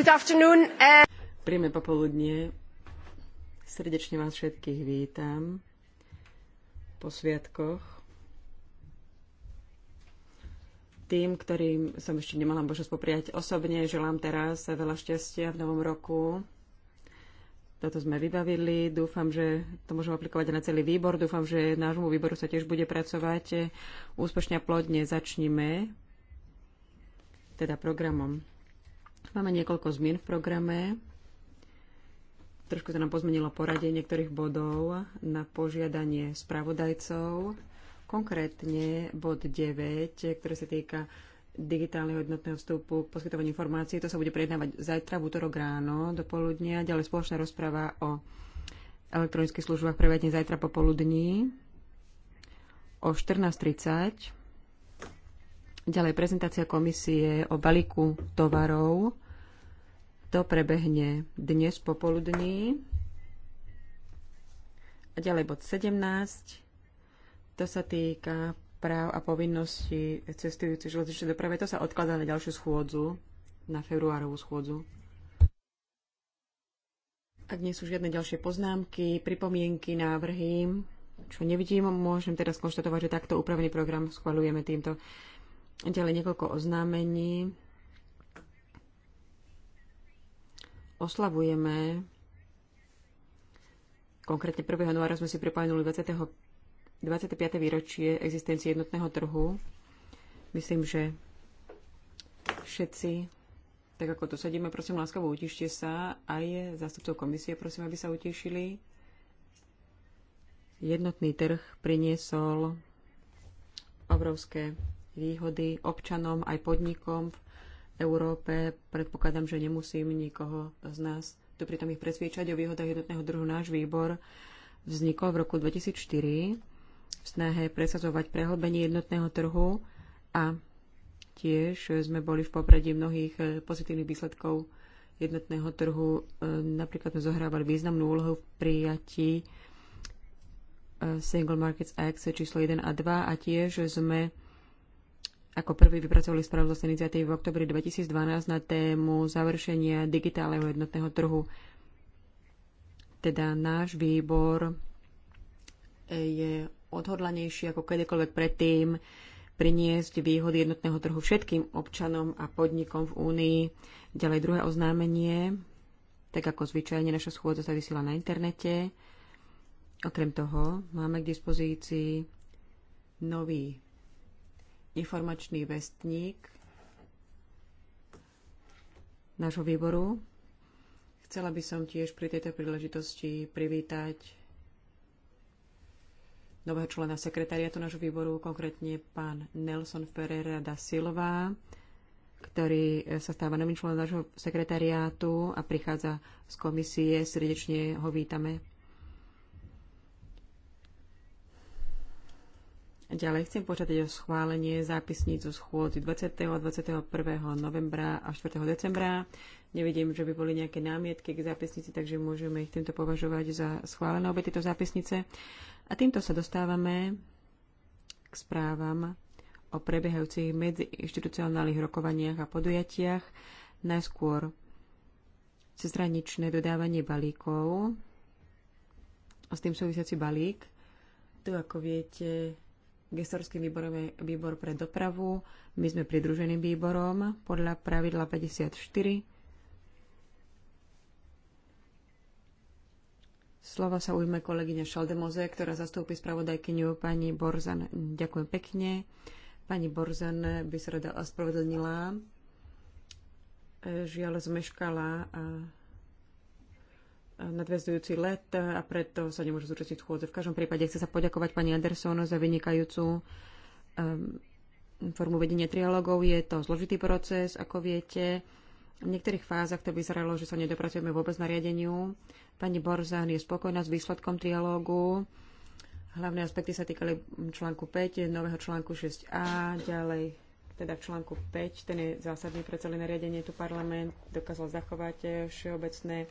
Eh. Príjme popoludnie. Srdečne vás všetkých vítam po sviatkoch. Tým, ktorým som ešte nemala možnosť popriať osobne, želám teraz veľa šťastia v novom roku. Toto sme vybavili. Dúfam, že to môžem aplikovať na celý výbor. Dúfam, že nášmu výboru sa tiež bude pracovať. Úspešne a plodne začnime teda programom. Máme niekoľko zmien v programe. Trošku sa nám pozmenilo poradie niektorých bodov na požiadanie spravodajcov. Konkrétne bod 9, ktorý sa týka digitálneho jednotného vstupu k poskytovaniu informácií. To sa bude prejednávať zajtra v útorok ráno do poludnia. Ďalej spoločná rozpráva o elektronických službách prevedne zajtra popoludní o 14.30. Ďalej prezentácia komisie o balíku tovarov. To prebehne dnes popoludní. A ďalej bod 17. To sa týka práv a povinností cestujúcich železničnej doprave. To sa odkladá na ďalšiu schôdzu, na februárovú schôdzu. Ak nie sú žiadne ďalšie poznámky, pripomienky, návrhy, čo nevidím, môžem teraz konštatovať, že takto upravený program schvalujeme týmto. Ďalej niekoľko oznámení. Oslavujeme konkrétne 1. januára sme si pripomenuli 20. 25. výročie existencie jednotného trhu. Myslím, že všetci, tak ako tu sedíme, prosím láskavo utište sa. Aj zástupcov komisie, prosím, aby sa utešili. Jednotný trh priniesol obrovské výhody občanom aj podnikom v Európe. Predpokladám, že nemusím nikoho z nás tu pritom ich presviečať o výhodách jednotného druhu. Náš výbor vznikol v roku 2004 v snahe presadzovať prehlbenie jednotného trhu a tiež sme boli v popredí mnohých eh, pozitívnych výsledkov jednotného trhu. Eh, napríklad sme zohrávali významnú úlohu v prijatí eh, Single Markets Act číslo 1 a 2 a tiež sme ako prvý vypracovali správu z iniciatívy v oktobri 2012 na tému završenia digitálneho jednotného trhu. Teda náš výbor je odhodlanejší ako kedykoľvek predtým priniesť výhody jednotného trhu všetkým občanom a podnikom v Únii. Ďalej druhé oznámenie, tak ako zvyčajne naša schôdza sa vysiela na internete. Okrem toho máme k dispozícii nový informačný vestník nášho výboru. Chcela by som tiež pri tejto príležitosti privítať nového člena sekretariatu nášho výboru, konkrétne pán Nelson Ferreira da Silva, ktorý sa stáva novým členom nášho sekretariátu a prichádza z komisie. Srdečne ho vítame. Ďalej chcem požiadať o schválenie zápisníc zo schôdzi 20. a 21. novembra a 4. decembra. Nevidím, že by boli nejaké námietky k zápisnici, takže môžeme ich týmto považovať za schválené obe tieto zápisnice. A týmto sa dostávame k správam o prebiehajúcich medziinstitucionálnych rokovaniach a podujatiach. Najskôr cezhraničné dodávanie balíkov a s tým súvisiaci balík. Tu, ako viete, Gestorský výbor, je výbor pre dopravu. My sme pridruženým výborom podľa pravidla 54. Slova sa ujme kolegyňa Šaldemoze, ktorá zastúpi spravodajkyňu pani Borzan. Ďakujem pekne. Pani Borzan by sa rada ospravedlnila. Žiaľ, zmeškala a nadvezujúci let a preto sa nemôžu zúčastniť schôdze. V každom prípade chcem sa poďakovať pani Anderson za vynikajúcu um, formu vedenia trialogov. Je to zložitý proces, ako viete. V niektorých fázach to vyzeralo, že sa nedopracujeme vôbec na riadeniu. Pani Borzan je spokojná s výsledkom trialógu. Hlavné aspekty sa týkali článku 5, nového článku 6a, ďalej teda v článku 5, ten je zásadný pre celé nariadenie, tu parlament dokázal zachovať eh, všeobecné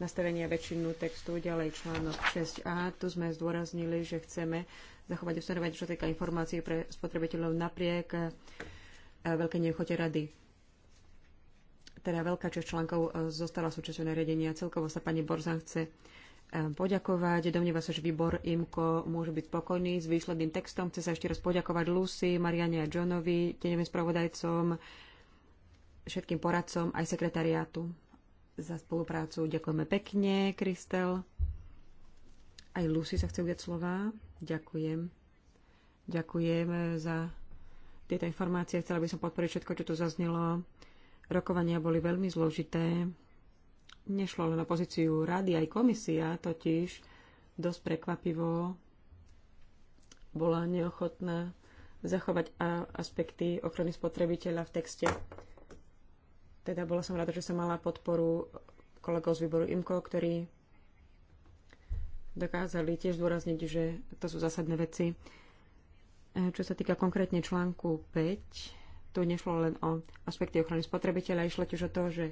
nastavenie väčšinu textu, ďalej článok 6a, tu sme zdôraznili, že chceme zachovať ustanovenie, čo týka informácií pre spotrebiteľov napriek eh, veľkej nechote rady. Teda veľká časť článkov eh, zostala súčasťou nariadenia, celkovo sa pani Borzan chce Ehm, poďakovať. Domnieva sa, že výbor IMKO môže byť spokojný s výsledným textom. Chce sa ešte raz poďakovať Lucy, Mariane a Johnovi, tenevým spravodajcom, všetkým poradcom aj sekretariátu za spoluprácu. Ďakujeme pekne, Kristel. Aj Lucy sa chce udať slova. Ďakujem. Ďakujem e, za tieto informácie. Chcela by som podporiť všetko, čo tu zaznelo. Rokovania boli veľmi zložité. Nešlo len o pozíciu rady, aj komisia totiž dosť prekvapivo bola neochotná zachovať aspekty ochrany spotrebiteľa v texte. Teda bola som rada, že som mala podporu kolegov z výboru IMKO, ktorí dokázali tiež zdôrazniť, že to sú zásadné veci. E, čo sa týka konkrétne článku 5, tu nešlo len o aspekty ochrany spotrebiteľa, išlo tiež o to, že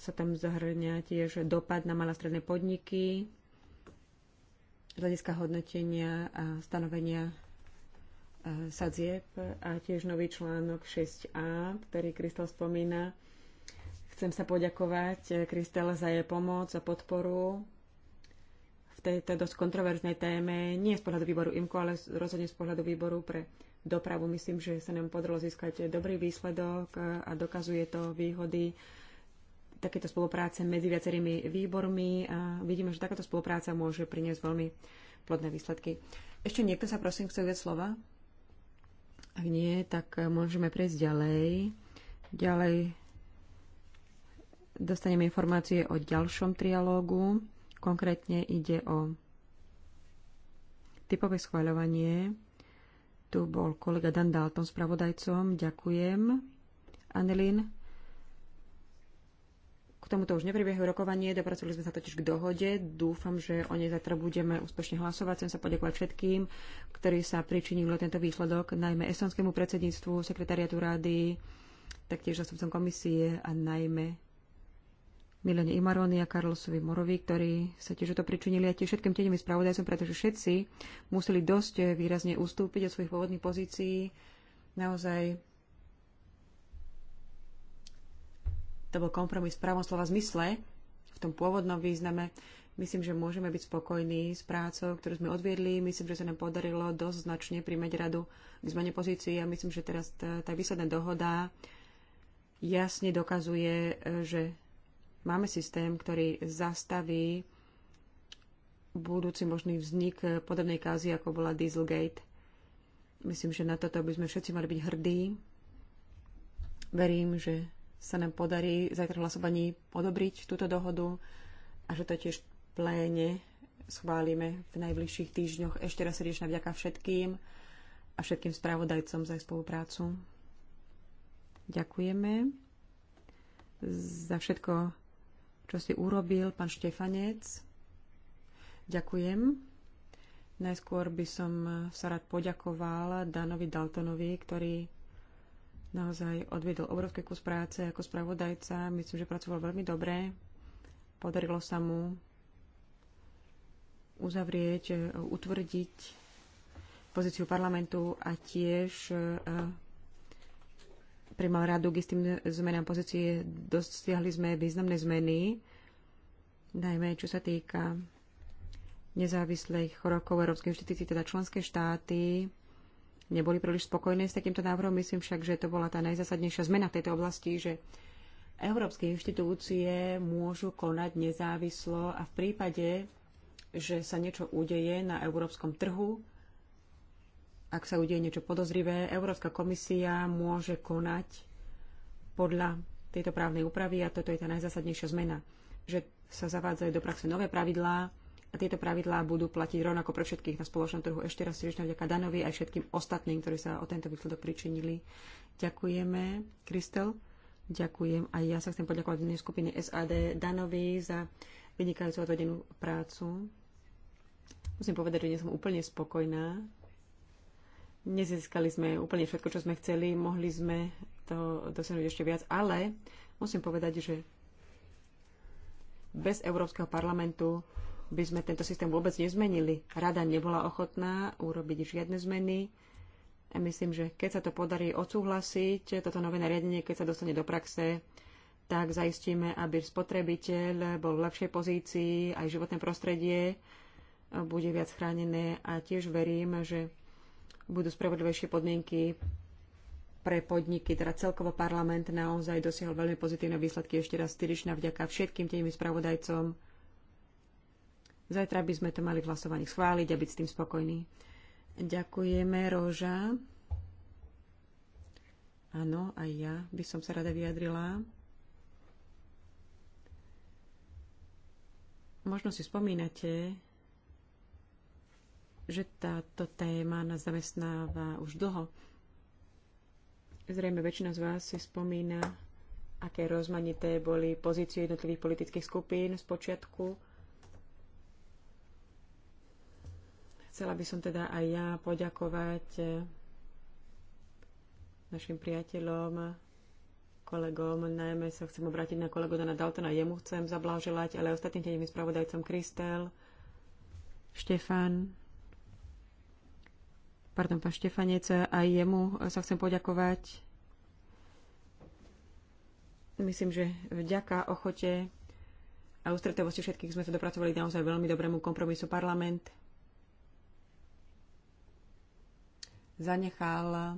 sa tam zahrňa tiež dopad na malé stredné podniky z hľadiska hodnotenia a stanovenia e, sadzieb a tiež nový článok 6a, ktorý Kristel spomína. Chcem sa poďakovať e, Kristel za jej pomoc a podporu v tejto dosť kontroverznej téme, nie z pohľadu výboru IMKO, ale rozhodne z pohľadu výboru pre dopravu. Myslím, že sa nám podarilo získať dobrý výsledok e, a dokazuje to výhody takéto spolupráce medzi viacerými výbormi a vidíme, že takáto spolupráca môže priniesť veľmi plodné výsledky. Ešte niekto sa prosím chce vziať slova? Ak nie, tak môžeme prejsť ďalej. Ďalej dostaneme informácie o ďalšom trialógu. Konkrétne ide o typové schváľovanie. Tu bol kolega Dan Dalton spravodajcom. Ďakujem. Anelín, k tomuto už neprebiehajú rokovanie, dopracovali sme sa totiž k dohode. Dúfam, že o nej zatra budeme úspešne hlasovať. Chcem sa poďakovať všetkým, ktorí sa pričinili tento výsledok, najmä estonskému predsedníctvu, sekretariatu rády, taktiež zastupcom komisie a najmä Milene Imaroni a Karlosovi Morovi, ktorí sa tiež o to pričinili a tiež všetkým tenimi spravodajcom, pretože všetci museli dosť výrazne ustúpiť od svojich pôvodných pozícií. Naozaj to bol kompromis v pravom slova zmysle, v tom pôvodnom význame. Myslím, že môžeme byť spokojní s prácou, ktorú sme odviedli. Myslím, že sa nám podarilo dosť značne príjmať radu k zmene pozícií a myslím, že teraz tá, tá výsledná dohoda jasne dokazuje, že máme systém, ktorý zastaví budúci možný vznik podobnej kázy, ako bola Dieselgate. Myslím, že na toto by sme všetci mali byť hrdí. Verím, že sa nám podarí zajtra v hlasovaní odobriť túto dohodu a že to tiež pléne schválime v najbližších týždňoch. Ešte raz srdečná vďaka všetkým a všetkým správodajcom za ich spoluprácu. Ďakujeme za všetko, čo si urobil, pán Štefanec. Ďakujem. Najskôr by som sa rád poďakoval Danovi Daltonovi, ktorý naozaj odviedol obrovský kus práce ako spravodajca. Myslím, že pracoval veľmi dobre. Podarilo sa mu uzavrieť, e, utvrdiť pozíciu parlamentu a tiež e, mal radu k istým zmenám pozície. dostiahli sme významné zmeny, najmä čo sa týka nezávislých rokov Európskej inštitúcii, teda členské štáty neboli príliš spokojné s takýmto návrhom. Myslím však, že to bola tá najzásadnejšia zmena v tejto oblasti, že európske inštitúcie môžu konať nezávislo a v prípade, že sa niečo udeje na európskom trhu, ak sa udeje niečo podozrivé, Európska komisia môže konať podľa tejto právnej úpravy a toto je tá najzásadnejšia zmena, že sa zavádzajú do praxe nové pravidlá, a tieto pravidlá budú platiť rovnako pre všetkých na spoločnom trhu. Ešte raz srdečne vďaka Danovi aj všetkým ostatným, ktorí sa o tento výsledok pričinili. Ďakujeme, Kristel. Ďakujem. A ja sa chcem poďakovať dnes skupiny SAD Danovi za vynikajúcu odvedenú prácu. Musím povedať, že nie som úplne spokojná. Nezískali sme úplne všetko, čo sme chceli. Mohli sme to dosiahnuť ešte viac, ale musím povedať, že bez Európskeho parlamentu by sme tento systém vôbec nezmenili. Rada nebola ochotná urobiť žiadne zmeny. A myslím, že keď sa to podarí odsúhlasiť, toto nové nariadenie, keď sa dostane do praxe, tak zaistíme, aby spotrebiteľ bol v lepšej pozícii, aj životné prostredie bude viac chránené a tiež verím, že budú spravodlivejšie podmienky pre podniky, teda celkovo parlament naozaj dosiahol veľmi pozitívne výsledky. Ešte raz styričná vďaka všetkým tým spravodajcom Zajtra by sme to mali v hlasovaní schváliť a byť s tým spokojní. Ďakujeme, Róža. Áno, aj ja by som sa rada vyjadrila. Možno si spomínate, že táto téma nás zamestnáva už dlho. Zrejme väčšina z vás si spomína, aké rozmanité boli pozície jednotlivých politických skupín z počiatku Chcela by som teda aj ja poďakovať e, našim priateľom, kolegom, najmä sa chcem obrátiť na kolegu Dana Daltona, jemu chcem zablahoželať, ale ostatným tým spravodajcom Kristel, Štefan, pardon, pán Štefanec, aj jemu sa chcem poďakovať. Myslím, že vďaka ochote a ústretovosti všetkých sme sa dopracovali naozaj veľmi dobrému kompromisu parlament zanechal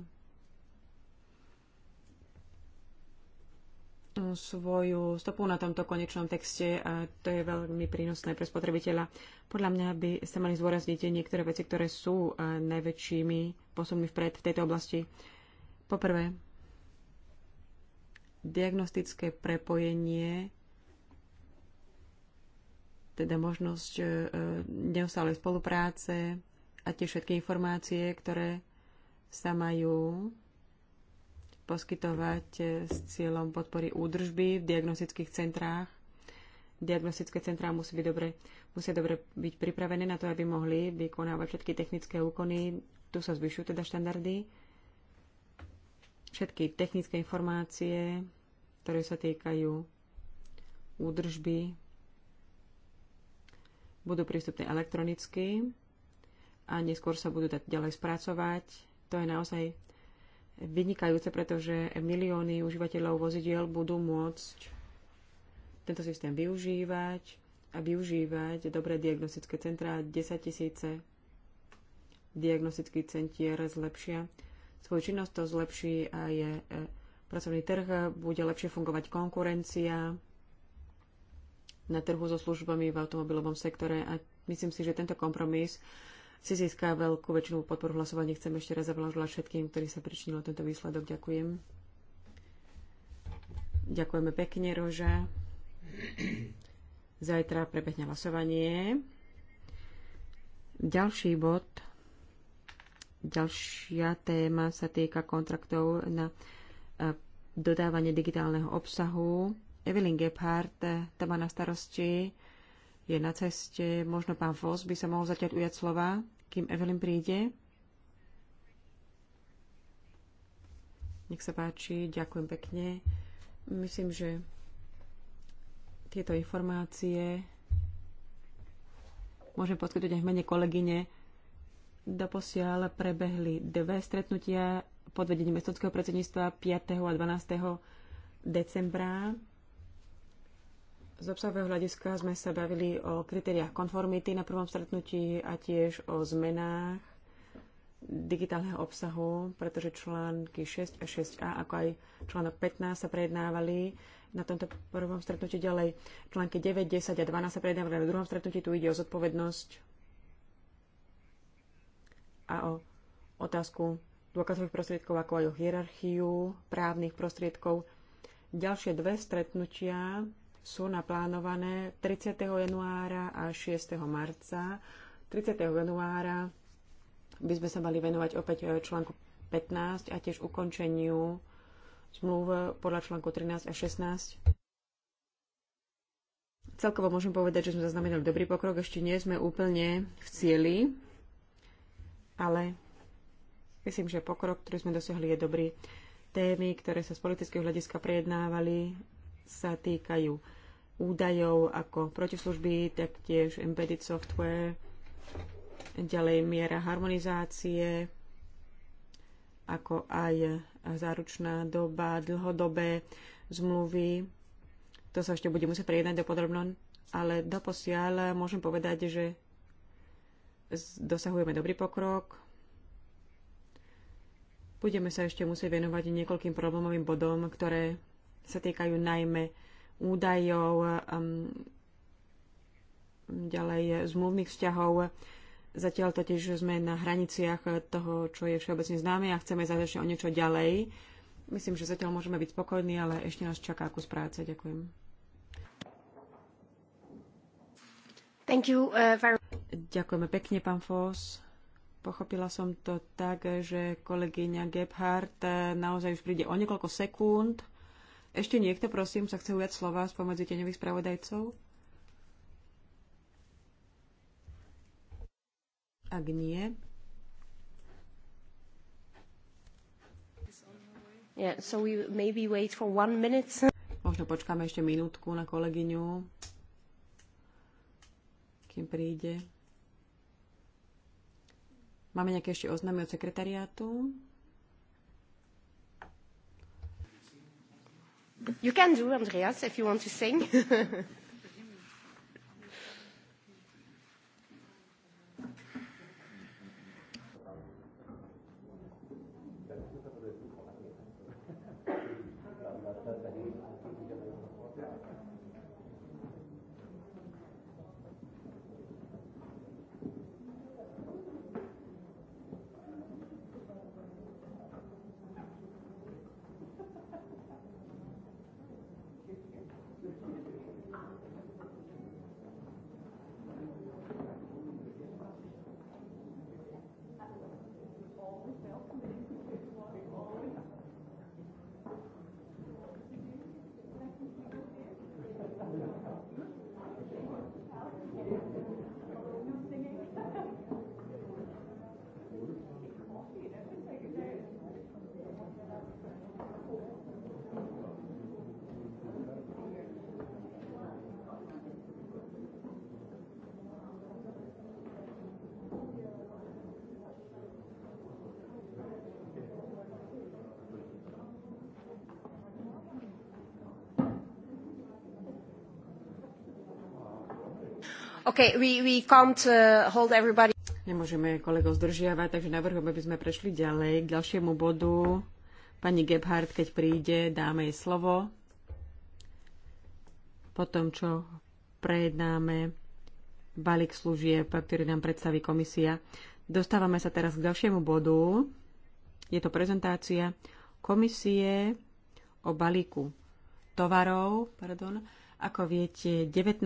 eh, svoju stopu na tomto konečnom texte a to je veľmi prínosné pre spotrebiteľa. Podľa mňa by sa mali zdôrazniť niektoré veci, ktoré sú eh, najväčšími posunmi vpred v tejto oblasti. Poprvé, diagnostické prepojenie, teda možnosť eh, neustálej spolupráce a tie všetky informácie, ktoré sa majú poskytovať e, s cieľom podpory údržby v diagnostických centrách. Diagnostické centrá musí byť dobre, musia dobre byť pripravené na to, aby mohli vykonávať všetky technické úkony. Tu sa zvyšujú teda štandardy. Všetky technické informácie, ktoré sa týkajú údržby, budú prístupné elektronicky a neskôr sa budú dať ďalej spracovať to je naozaj vynikajúce, pretože milióny užívateľov vozidiel budú môcť tento systém využívať a využívať dobré diagnostické centrá. 10 tisíce diagnostických centier zlepšia svoju činnosť, to zlepší a je e, pracovný trh, bude lepšie fungovať konkurencia na trhu so službami v automobilovom sektore a myslím si, že tento kompromis si získa veľkú väčšinu podporu hlasovania. Chcem ešte raz zavlažovať všetkým, ktorí sa pričinilo tento výsledok. Ďakujem. Ďakujeme pekne, Roža. Zajtra prebehne hlasovanie. Ďalší bod, ďalšia téma sa týka kontraktov na eh, dodávanie digitálneho obsahu. Evelyn Gebhardt, tá má na starosti, je na ceste, možno pán Foss by sa mohol zatiaľ ujať slova kým Evelyn príde. Nech sa páči, ďakujem pekne. Myslím, že tieto informácie môžem poskytnúť aj v mene kolegyne. Doposiaľ prebehli dve stretnutia pod vedením estonského predsedníctva 5. a 12. decembra z obsahového hľadiska sme sa bavili o kritériách konformity na prvom stretnutí a tiež o zmenách digitálneho obsahu, pretože články 6 a 6a, ako aj článok 15 sa prejednávali na tomto prvom stretnutí ďalej. Články 9, 10 a 12 sa prejednávali na druhom stretnutí. Tu ide o zodpovednosť a o otázku dôkazových prostriedkov, ako aj o hierarchiu právnych prostriedkov. Ďalšie dve stretnutia sú naplánované 30. januára a 6. marca. 30. januára by sme sa mali venovať opäť e, článku 15 a tiež ukončeniu zmluv podľa článku 13 a 16. Celkovo môžem povedať, že sme zaznamenali dobrý pokrok. Ešte nie sme úplne v cieli, ale myslím, že pokrok, ktorý sme dosiahli, je dobrý. Témy, ktoré sa z politického hľadiska prejednávali, sa týkajú údajov ako protislužby, taktiež embedded software, ďalej miera harmonizácie, ako aj záručná doba, dlhodobé zmluvy. To sa ešte bude musieť prejednať do podrobno, ale doposiaľ môžem povedať, že dosahujeme dobrý pokrok. Budeme sa ešte musieť venovať niekoľkým problémovým bodom, ktoré sa týkajú najmä údajov, um, ďalej zmluvných vzťahov. Zatiaľ totiž sme na hraniciach toho, čo je všeobecne známe a chceme zase o niečo ďalej. Myslím, že zatiaľ môžeme byť spokojní, ale ešte nás čaká kus práce. Ďakujem. Thank you, uh, very... Ďakujeme pekne, pán Foss. Pochopila som to tak, že kolegyňa Gebhardt uh, naozaj už príde o niekoľko sekúnd. Ešte niekto, prosím, sa chce ujať slova spomedzi teňových spravodajcov? Ak nie, Yeah, so we maybe wait for one minute. Možno počkáme ešte minútku na kolegyňu, kým príde. Máme nejaké ešte oznámy od sekretariátu? You can do, Andreas, if you want to sing. Okay, we, we uh, hold everybody. Nemôžeme kolego zdržiavať, takže navrhujem, aby sme prešli ďalej k ďalšiemu bodu. Pani Gebhardt, keď príde, dáme jej slovo. Potom, čo prejednáme balík služieb, ktorý nám predstaví komisia. Dostávame sa teraz k ďalšiemu bodu. Je to prezentácia komisie o balíku tovarov, pardon, ako viete, 19.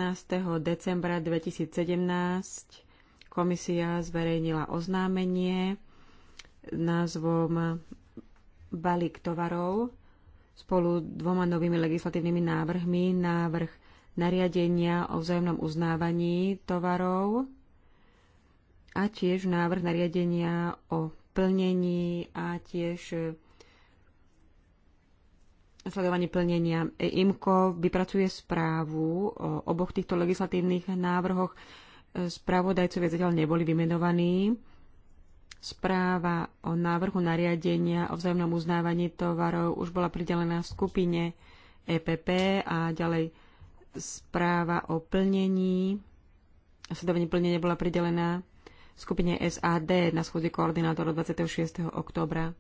decembra 2017 komisia zverejnila oznámenie s názvom Balík tovarov spolu dvoma novými legislatívnymi návrhmi. Návrh nariadenia o vzájomnom uznávaní tovarov a tiež návrh nariadenia o plnení a tiež sledovanie plnenia. E IMKO vypracuje správu o oboch týchto legislatívnych návrhoch. Spravodajcovia zatiaľ neboli vymenovaní. Správa o návrhu nariadenia o vzájomnom uznávaní tovarov už bola pridelená v skupine EPP a ďalej správa o plnení a sledovanie plnenia bola pridelená skupine SAD na schôdzi koordinátorov 26. oktobra.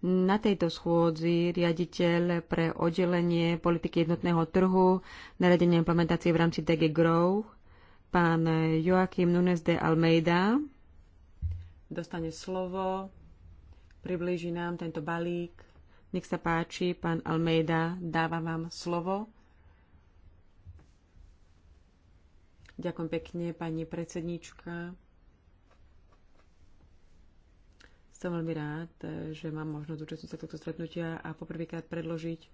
Na tejto schôdzi riaditeľ pre oddelenie politiky jednotného trhu, radenie implementácie v rámci DG Grow, pán Joachim Nunes de Almeida, dostane slovo, priblíži nám tento balík. Nech sa páči, pán Almeida, dáva vám slovo. Ďakujem pekne, pani predsednička. Som veľmi rád, že mám možnosť účastniť sa tohto stretnutia a poprvýkrát predložiť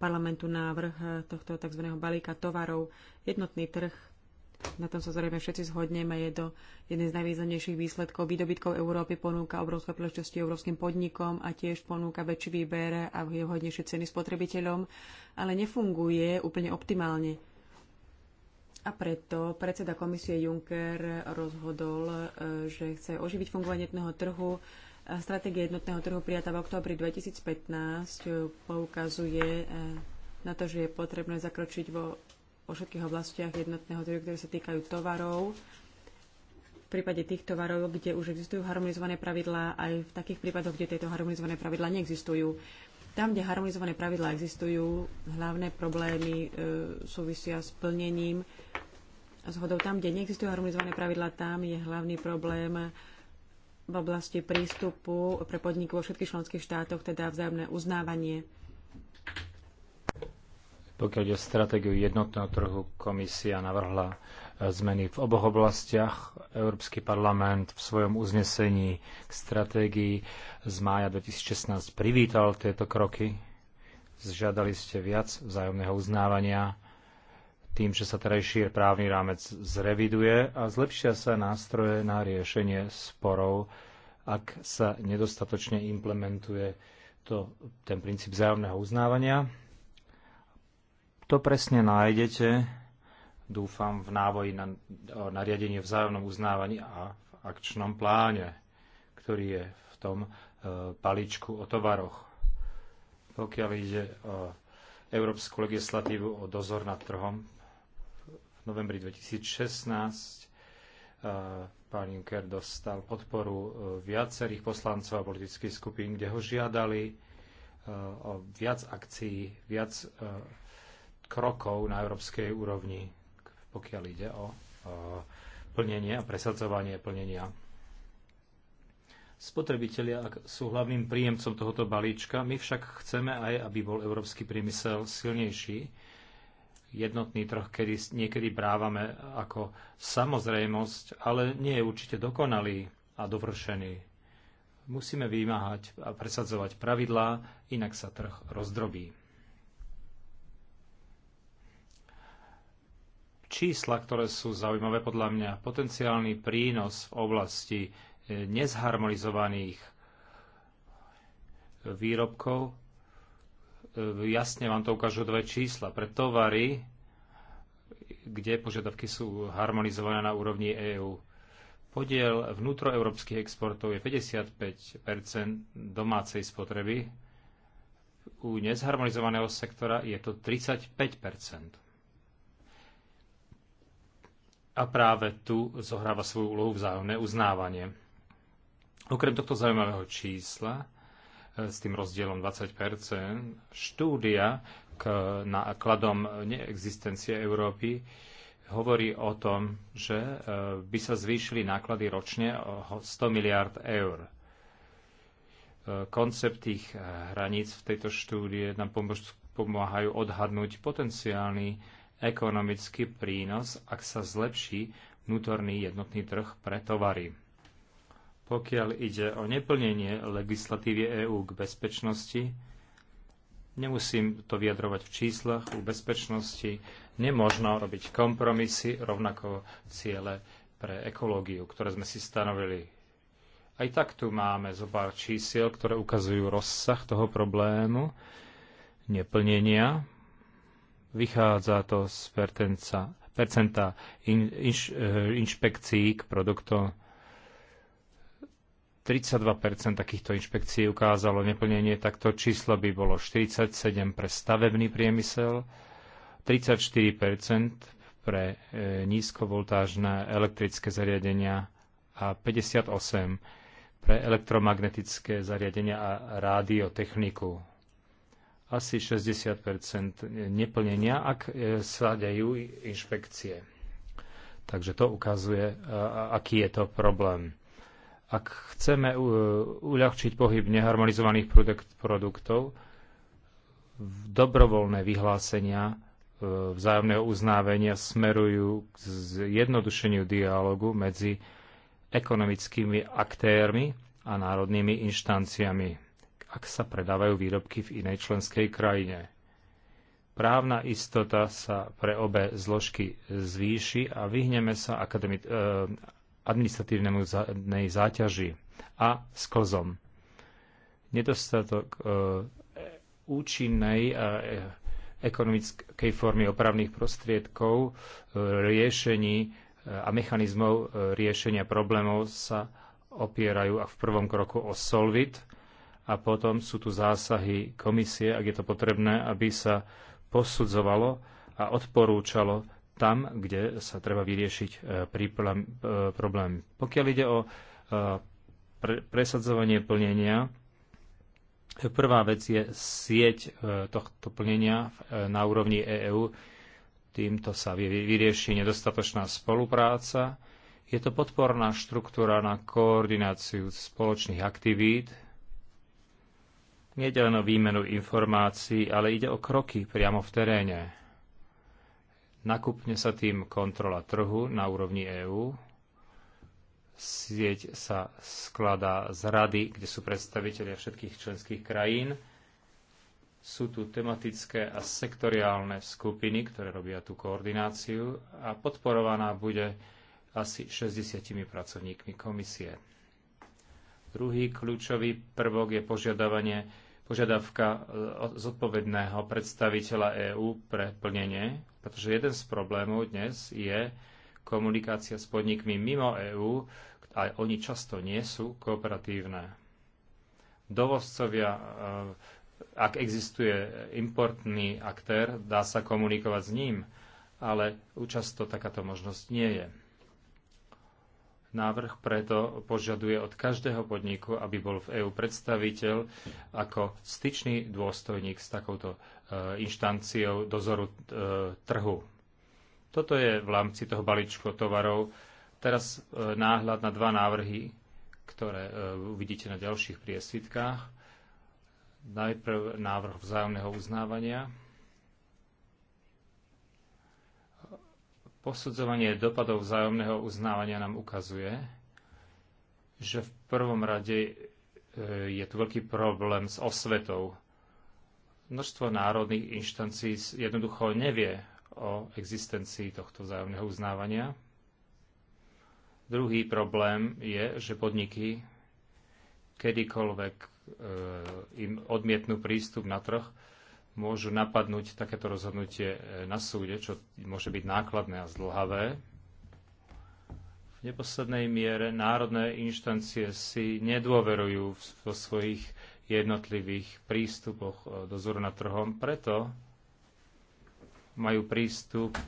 parlamentu návrh tohto tzv. balíka tovarov. Jednotný trh, na tom sa zrejme všetci zhodneme, je to jeden z najvýznamnejších výsledkov výdobytkov Európy, ponúka obrovské príležitosti európskym podnikom a tiež ponúka väčší výber a vhodnejšie ceny spotrebiteľom, ale nefunguje úplne optimálne. A preto predseda komisie Juncker rozhodol, eh, že chce oživiť fungovanie jedného trhu Stratégia jednotného trhu prijatá v októbri 2015 eh, poukazuje eh, na to, že je potrebné zakročiť vo, vo všetkých oblastiach jednotného trhu, ktoré sa týkajú tovarov. V prípade tých tovarov, kde už existujú harmonizované pravidlá, aj v takých prípadoch, kde tieto harmonizované pravidlá neexistujú. Tam, kde harmonizované pravidlá existujú, hlavné problémy e, súvisia s plnením a zhodou. Tam, kde neexistujú harmonizované pravidlá, tam je hlavný problém e, v oblasti prístupu pre podniky vo všetkých členských štátoch, teda vzájomné uznávanie. Pokiaľ ide o stratégiu jednotného trhu, komisia navrhla e, zmeny v oboch oblastiach. Európsky parlament v svojom uznesení k stratégii z mája 2016 privítal tieto kroky. Zžiadali ste viac vzájomného uznávania tým, že sa terajší právny rámec zreviduje a zlepšia sa nástroje na riešenie sporov, ak sa nedostatočne implementuje to, ten princíp vzájomného uznávania. To presne nájdete, dúfam, v návoji na, o nariadenie vzájomnom uznávaní a v akčnom pláne, ktorý je v tom e, paličku o tovaroch. Pokiaľ ide o európsku legislatívu o dozor nad trhom, novembri 2016 eh, pán Juncker dostal podporu eh, viacerých poslancov a politických skupín, kde ho žiadali eh, o viac akcií, viac krokov na európskej úrovni, pokiaľ ide o plnenie a presadzovanie plnenia. Spotrebitelia sú hlavným príjemcom tohoto balíčka, my však chceme aj, aby bol európsky priemysel silnejší, jednotný trh, kedy niekedy brávame ako samozrejmosť, ale nie je určite dokonalý a dovršený. Musíme vymáhať a presadzovať pravidlá, inak sa trh rozdrobí. Čísla, ktoré sú zaujímavé podľa mňa, potenciálny prínos v oblasti eh, nezharmonizovaných výrobkov E, jasne vám to ukážu dve čísla. Pre tovary, kde požiadavky sú harmonizované na úrovni EÚ, podiel vnútroeurópskych exportov je 55 domácej spotreby, u nezharmonizovaného sektora je to 35 A práve tu zohráva svoju úlohu vzájomné uznávanie. Okrem tohto zaujímavého čísla, s tým rozdielom 20 Štúdia k nákladom neexistencie Európy hovorí o tom, že e, by sa zvýšili náklady ročne o 100 miliard eur. E, koncept tých e, hraníc v tejto štúdie nám pomáhajú odhadnúť potenciálny ekonomický prínos, ak sa zlepší vnútorný jednotný trh pre tovary. Pokiaľ ide o neplnenie legislatívy EÚ k bezpečnosti, nemusím to vyjadrovať v číslach, u bezpečnosti nemožno robiť kompromisy, rovnako ciele pre ekológiu, ktoré sme si stanovili. Aj tak tu máme zo pár čísiel, ktoré ukazujú rozsah toho problému neplnenia. Vychádza to z percenta in, inš, eh, inšpekcií k produktom 32 takýchto inšpekcií ukázalo neplnenie, tak to číslo by bolo 47 pre stavebný priemysel, 34 pre e, nízkovoltážne elektrické zariadenia a 58 pre elektromagnetické zariadenia a rádiotechniku. Asi 60 neplnenia, ak e, sa dejú inšpekcie. Takže to ukazuje, aký je to problém. Ak chceme e, uľahčiť pohyb neharmonizovaných produktov, dobrovoľné vyhlásenia e, vzájomného uznávenia smerujú k zjednodušeniu dialogu medzi ekonomickými aktérmi a národnými inštanciami, ak sa predávajú výrobky v inej členskej krajine. Právna istota sa pre obe zložky zvýši a vyhneme sa akademi- e, administratívnemu záťaži a sklzom. Nedostatok e, účinnej e, ekonomickej formy opravných prostriedkov, e, riešení a mechanizmov riešenia problémov sa opierajú v prvom kroku o Solvit a potom sú tu zásahy komisie, ak je to potrebné, aby sa posudzovalo a odporúčalo tam, kde sa treba vyriešiť e, e, problém. Pokiaľ ide o e, presadzovanie plnenia, prvá vec je sieť tohto plnenia na úrovni EÚ. Týmto sa vyrieši nedostatočná spolupráca. Je to podporná štruktúra na koordináciu spoločných aktivít. Nie len o výmenu informácií, ale ide o kroky priamo v teréne Nakupne sa tým kontrola trhu na úrovni EÚ. Sieť sa skladá z rady, kde sú predstavitelia všetkých členských krajín. Sú tu tematické a sektoriálne skupiny, ktoré robia tú koordináciu a podporovaná bude asi 60 pracovníkmi komisie. Druhý kľúčový prvok je požiadavanie požiadavka e, zodpovedného predstaviteľa EÚ pre plnenie, pretože jeden z problémov dnes je komunikácia s podnikmi mimo EÚ aj oni často nie sú kooperatívne. Dovozcovia, e, ak existuje importný aktér, dá sa komunikovať s ním, ale často takáto možnosť nie je. Návrh preto požaduje od každého podniku, aby bol v EÚ predstaviteľ ako styčný dôstojník s takouto e, inštanciou dozoru e, trhu. Toto je v rámci toho balíčku tovarov. Teraz e, náhľad na dva návrhy, ktoré uvidíte na ďalších priesvitkách. Najprv návrh vzájomného uznávania Posudzovanie dopadov vzájomného uznávania nám ukazuje, že v prvom rade e, je tu veľký problém s osvetou. Množstvo národných inštancií jednoducho nevie o existencii tohto vzájomného uznávania. Druhý problém je, že podniky kedykoľvek e, im odmietnú prístup na trh, môžu napadnúť takéto rozhodnutie e, na súde, čo môže byť nákladné a zdlhavé. V neposlednej miere národné inštancie si nedôverujú vo svojich jednotlivých prístupoch e, dozoru nad trhom, preto majú prístup e,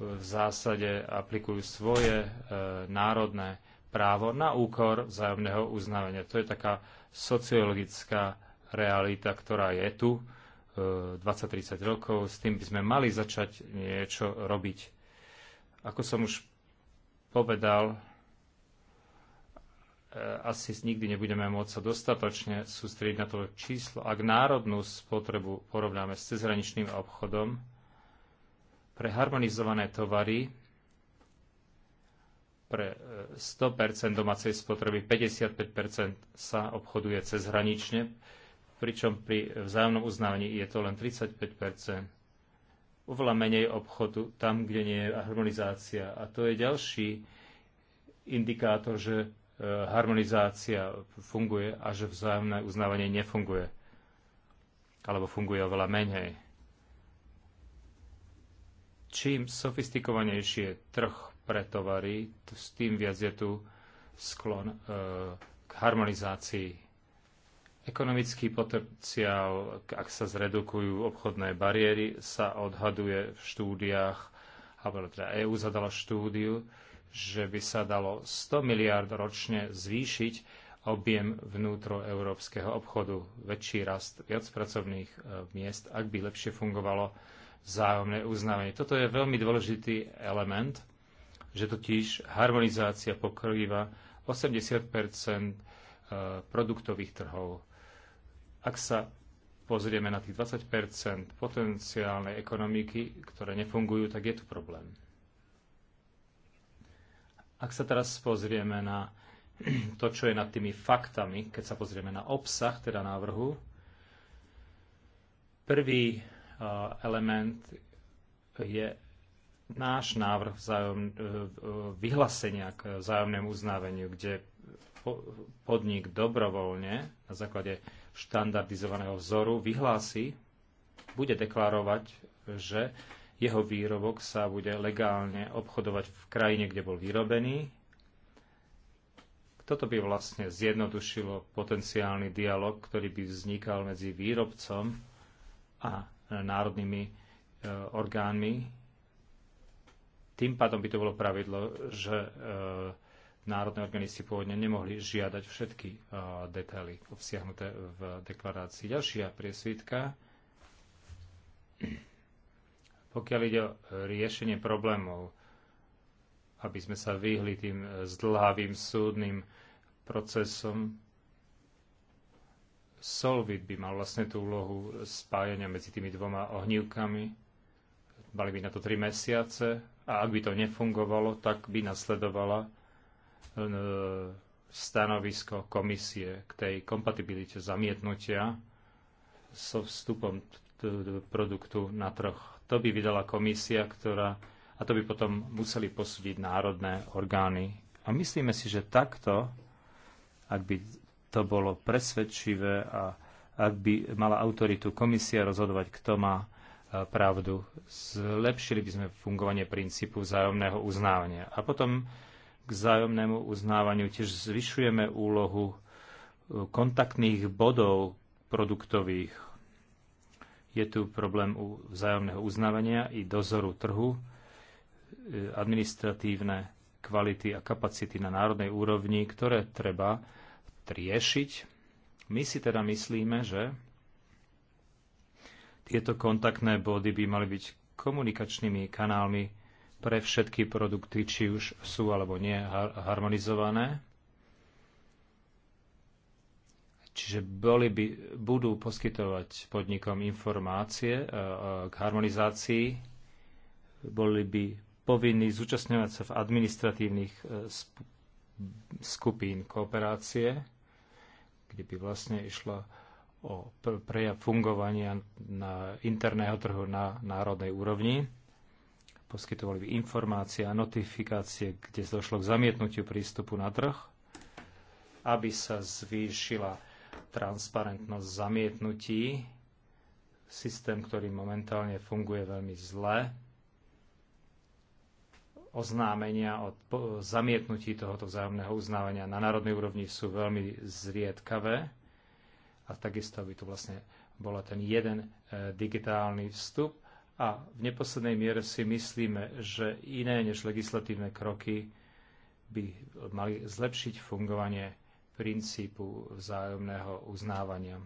v zásade aplikujú svoje e, národné právo na úkor vzájomného uznávania. To je taká sociologická realita, ktorá je tu 20-30 e, rokov. S tým by sme mali začať niečo robiť. Ako som už povedal, e, asi nikdy nebudeme môcť sa dostatočne sústrediť na to číslo. Ak národnú spotrebu porovnáme s cezhraničným obchodom, pre harmonizované tovary pre 100% e, domácej spotreby 55% sa obchoduje cezhranične, pričom pri vzájomnom uznávaní je to len 35 oveľa menej obchodu tam, kde nie je harmonizácia. A to je ďalší indikátor, že e, harmonizácia funguje a že vzájomné uznávanie nefunguje. Alebo funguje oveľa menej. Čím sofistikovanejší je trh pre tovary, s tým viac je tu sklon e, k harmonizácii Ekonomický potenciál, ak sa zredukujú obchodné bariéry, sa odhaduje v štúdiách, alebo teda EU zadala štúdiu, že by sa dalo 100 miliard ročne zvýšiť objem vnútroeurópskeho obchodu, väčší rast, viac pracovných e, miest, ak by lepšie fungovalo vzájomné uznávanie. Toto je veľmi dôležitý element, že totiž harmonizácia pokrýva 80 e, produktových trhov ak sa pozrieme na tých 20 potenciálnej ekonomiky, ktoré nefungujú, tak je tu problém. Ak sa teraz pozrieme na to, čo je nad tými faktami, keď sa pozrieme na obsah teda návrhu, prvý uh, element je náš návrh vzájom, uh, uh, vyhlásenia k vzájomnému uznáveniu, kde podnik dobrovoľne na základe štandardizovaného vzoru vyhlási, bude deklarovať, že jeho výrobok sa bude legálne obchodovať v krajine, kde bol vyrobený. Toto by vlastne zjednodušilo potenciálny dialog, ktorý by vznikal medzi výrobcom a národnými e, orgánmi. Tým pádom by to bolo pravidlo, že e, národné orgány si pôvodne nemohli žiadať všetky uh, detaily obsiahnuté v deklarácii. Ďalšia priesvitka. Pokiaľ ide o riešenie problémov, aby sme sa vyhli tým zdlhavým súdnym procesom, Solvit by mal vlastne tú úlohu spájania medzi tými dvoma ohnívkami. Mali by na to tri mesiace a ak by to nefungovalo, tak by nasledovala E, stanovisko komisie k tej kompatibilite zamietnutia so vstupom produktu na trh. To by vydala komisia, ktorá a to by potom museli posúdiť národné orgány. A myslíme si, že takto, ak by to bolo presvedčivé a ak by mala autoritu komisia rozhodovať, kto má e, pravdu, zlepšili by sme fungovanie princípu vzájomného uznávania. A potom k vzájomnému uznávaniu. Tiež zvyšujeme úlohu e, kontaktných bodov produktových. Je tu problém vzájomného uznávania i dozoru trhu, e, administratívne kvality a kapacity na národnej úrovni, ktoré treba riešiť. My si teda myslíme, že tieto kontaktné body by mali byť komunikačnými kanálmi pre všetky produkty, či už sú alebo nie harmonizované. Čiže boli by, budú poskytovať podnikom informácie e, e, k harmonizácii, boli by povinní zúčastňovať sa v administratívnych e, skupín kooperácie, kde by vlastne išlo o prejav fungovania na interného trhu na národnej úrovni poskytovali informácie a notifikácie, kde došlo k zamietnutiu prístupu na trh, aby sa zvýšila transparentnosť zamietnutí, systém, ktorý momentálne funguje veľmi zle, oznámenia o zamietnutí tohoto vzájomného uznávania na národnej úrovni sú veľmi zriedkavé a takisto by tu vlastne bola ten jeden eh, digitálny vstup a v neposlednej miere si myslíme, že iné než legislatívne kroky by mali zlepšiť fungovanie princípu vzájomného uznávania.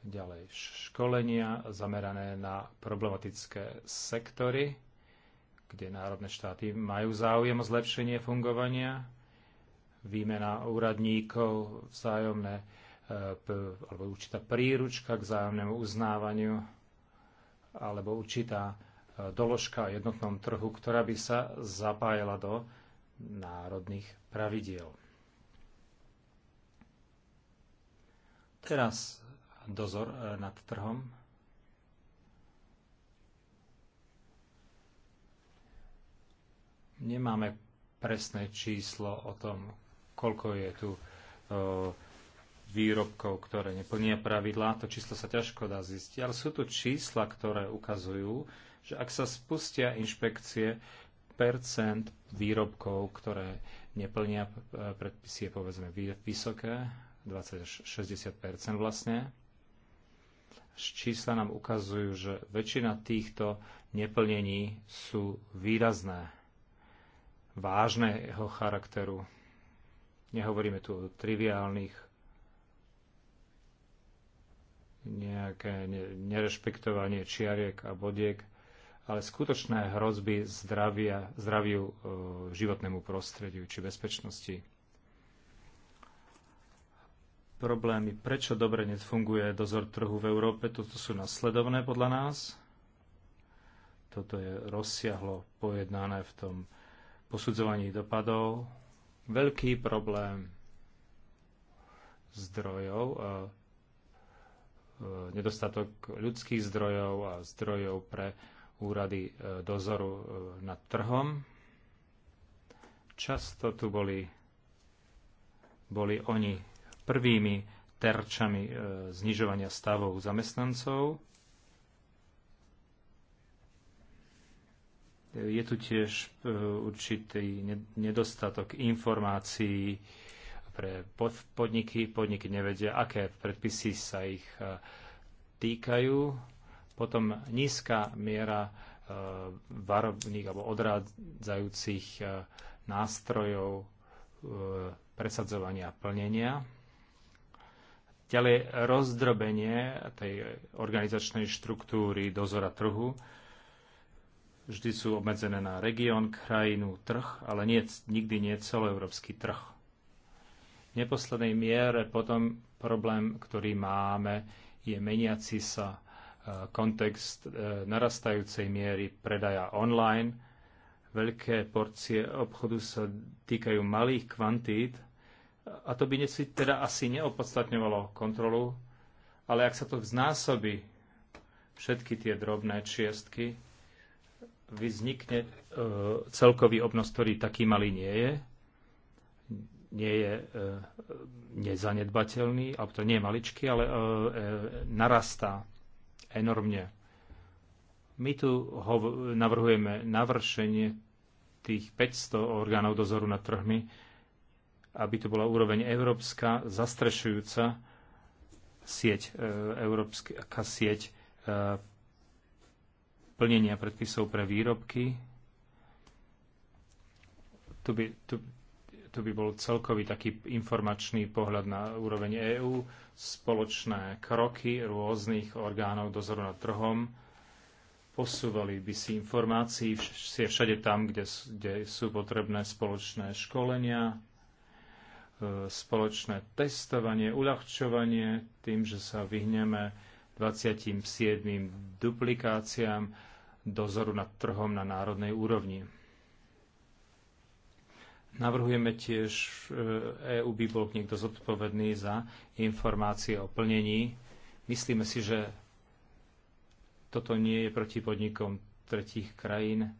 Ďalej školenia zamerané na problematické sektory, kde národné štáty majú záujem o zlepšenie fungovania, výmena úradníkov, vzájomné e, alebo určitá príručka k vzájomnému uznávaniu alebo určitá e, doložka o jednotnom trhu, ktorá by sa zapájala do národných pravidiel. Teraz dozor e, nad trhom. Nemáme presné číslo o tom, koľko je tu e, výrobkov, ktoré neplnia pravidlá. To číslo sa ťažko dá zistiť, ale sú tu čísla, ktoré ukazujú, že ak sa spustia inšpekcie, percent výrobkov, ktoré neplnia e, predpisy, je povedzme vysoké, 20 až 60 vlastne. Čísla nám ukazujú, že väčšina týchto neplnení sú výrazné, vážneho charakteru. Nehovoríme tu o triviálnych nejaké nerešpektovanie čiariek a bodiek, ale skutočné hrozby zdravia, zdraviu, e, životnému prostrediu či bezpečnosti. Problémy, prečo dobre nefunguje dozor trhu v Európe, toto sú nasledovné podľa nás. Toto je rozsiahlo pojednané v tom posudzovaní dopadov. Veľký problém zdrojov, nedostatok ľudských zdrojov a zdrojov pre úrady e, dozoru e, nad trhom. Často tu boli, boli oni prvými terčami e, znižovania stavov zamestnancov. Je tu tiež určitý nedostatok informácií pre podniky. Podniky nevedia, aké predpisy sa ich e, týkajú. Potom nízka miera e, varovných alebo odrádzajúcich e, nástrojov presadzovania a plnenia. Ďalej rozdrobenie tej organizačnej štruktúry dozora trhu. Vždy sú obmedzené na región, krajinu, trh, ale nie, nikdy nie celoeurópsky trh neposlednej miere potom problém, ktorý máme, je meniaci sa e, kontext e, narastajúcej miery predaja online. Veľké porcie obchodu sa týkajú malých kvantít a to by si teda asi neopodstatňovalo kontrolu, ale ak sa to vznásobí, všetky tie drobné čiestky, vznikne e, celkový obnos, ktorý taký malý nie je nie je e, nezanedbateľný, alebo to nie je maličký, ale e, e, narastá enormne. My tu navrhujeme navršenie tých 500 orgánov dozoru nad trhmi, aby to bola úroveň európska, zastrešujúca sieť, európska sieť plnenia predpisov pre výrobky. Tu by, tu, to by bol celkový taký informačný pohľad na úroveň EÚ, spoločné kroky rôznych orgánov dozoru nad trhom, posúvali by si informácií vš- všade tam, kde, kde sú potrebné spoločné školenia, e, spoločné testovanie, uľahčovanie tým, že sa vyhneme 27. duplikáciám dozoru nad trhom na národnej úrovni. Navrhujeme tiež, EU e by bol niekto zodpovedný za informácie o plnení. Myslíme si, že toto nie je proti podnikom tretích krajín.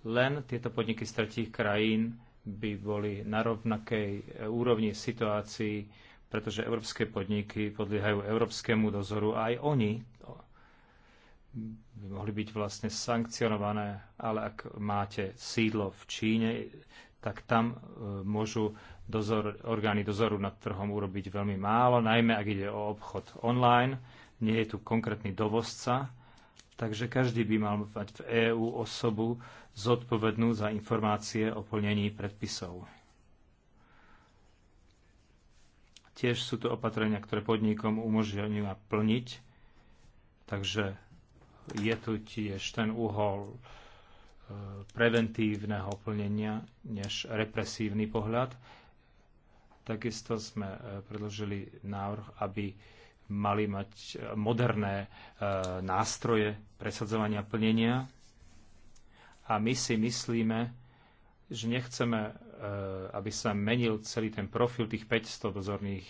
Len tieto podniky z tretích krajín by boli na rovnakej e, úrovni situácii, pretože európske podniky podliehajú európskemu dozoru a aj oni by mohli byť vlastne sankcionované, ale ak máte sídlo v Číne, tak tam e, môžu dozor, orgány dozoru nad trhom urobiť veľmi málo, najmä ak ide o obchod online, nie je tu konkrétny dovozca, takže každý by mal mať v EÚ osobu zodpovednú za informácie o plnení predpisov. Tiež sú to opatrenia, ktoré podnikom umožňujú plniť, takže je tu tiež ten úhol preventívneho plnenia než represívny pohľad. Takisto sme e, predložili návrh, aby mali mať e, moderné e, nástroje presadzovania plnenia. A my si myslíme, že nechceme, aby sa menil celý ten profil tých 500 dozorných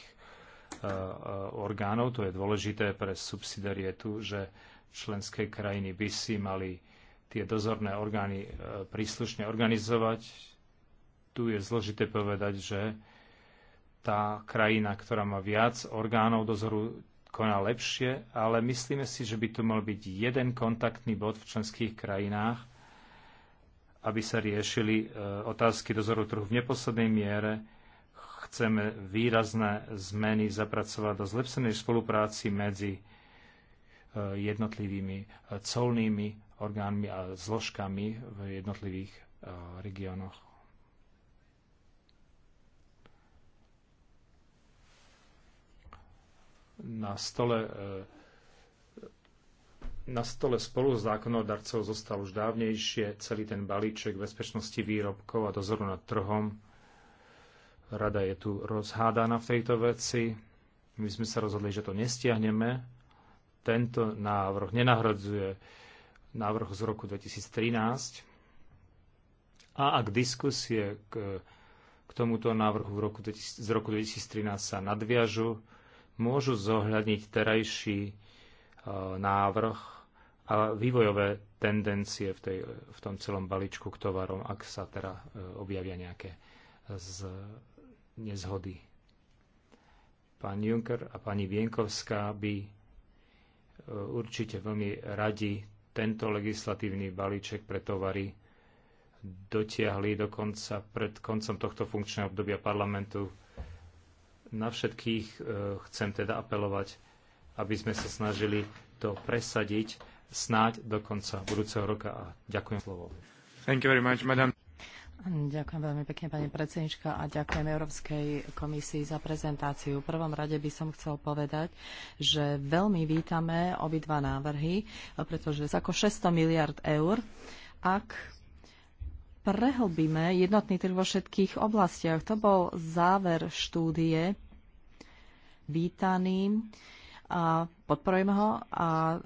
orgánov. To je dôležité pre subsidiarietu, že členské krajiny by si mali tie dozorné orgány e, príslušne organizovať. Tu je zložité povedať, že tá krajina, ktorá má viac orgánov dozoru, koná lepšie, ale myslíme si, že by tu mal byť jeden kontaktný bod v členských krajinách, aby sa riešili e, otázky dozoru trhu v neposlednej miere. Chceme výrazné zmeny zapracovať do zlepšenej spolupráci medzi Eh, jednotlivými eh, colnými orgánmi a zložkami v jednotlivých eh, regiónoch. Na stole na stole spolu s zákonodarcov zostal už dávnejšie celý ten balíček bezpečnosti výrobkov a dozoru nad trhom. Rada je tu rozhádaná v tejto veci. My sme sa rozhodli, že to nestiahneme, tento návrh nenahradzuje návrh z roku 2013 a ak diskusie k, k tomuto návrhu v roku, z roku 2013 sa nadviažu, môžu zohľadniť terajší e, návrh a vývojové tendencie v, tej, v tom celom balíčku k tovarom, ak sa teda e, objavia nejaké e, z nezhody. Pán Juncker a pani Vienkovská by E, určite veľmi radi tento legislatívny balíček pre tovary dotiahli do konca, pred koncom tohto funkčného obdobia parlamentu. Na všetkých e, chcem teda apelovať, aby sme sa snažili to presadiť snáď do konca budúceho roka. A ďakujem slovo. Thank you very much, madam. Ďakujem veľmi pekne, pani predsednička, a ďakujem Európskej komisii za prezentáciu. V prvom rade by som chcel povedať, že veľmi vítame obidva návrhy, pretože ako 600 miliard eur, ak prehlbíme jednotný trh vo všetkých oblastiach. To bol záver štúdie vítaný a podporujeme ho a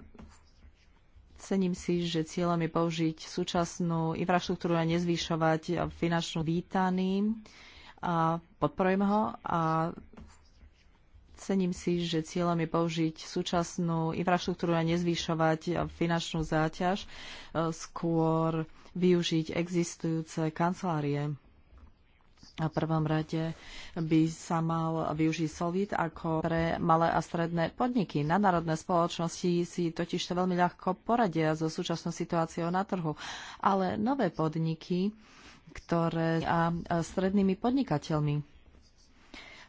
Cením si, že cieľom je použiť súčasnú infraštruktúru a nezvyšovať finančnú vítaný a podporujem ho a cením si, že cieľom je použiť súčasnú infraštruktúru a nezvyšovať finančnú záťaž, e, skôr využiť existujúce kancelárie v prvom rade by sa mal využiť Solvit ako pre malé a stredné podniky. Národné spoločnosti si totiž to veľmi ľahko poradia so súčasnou situáciou na trhu, ale nové podniky, ktoré a strednými podnikateľmi,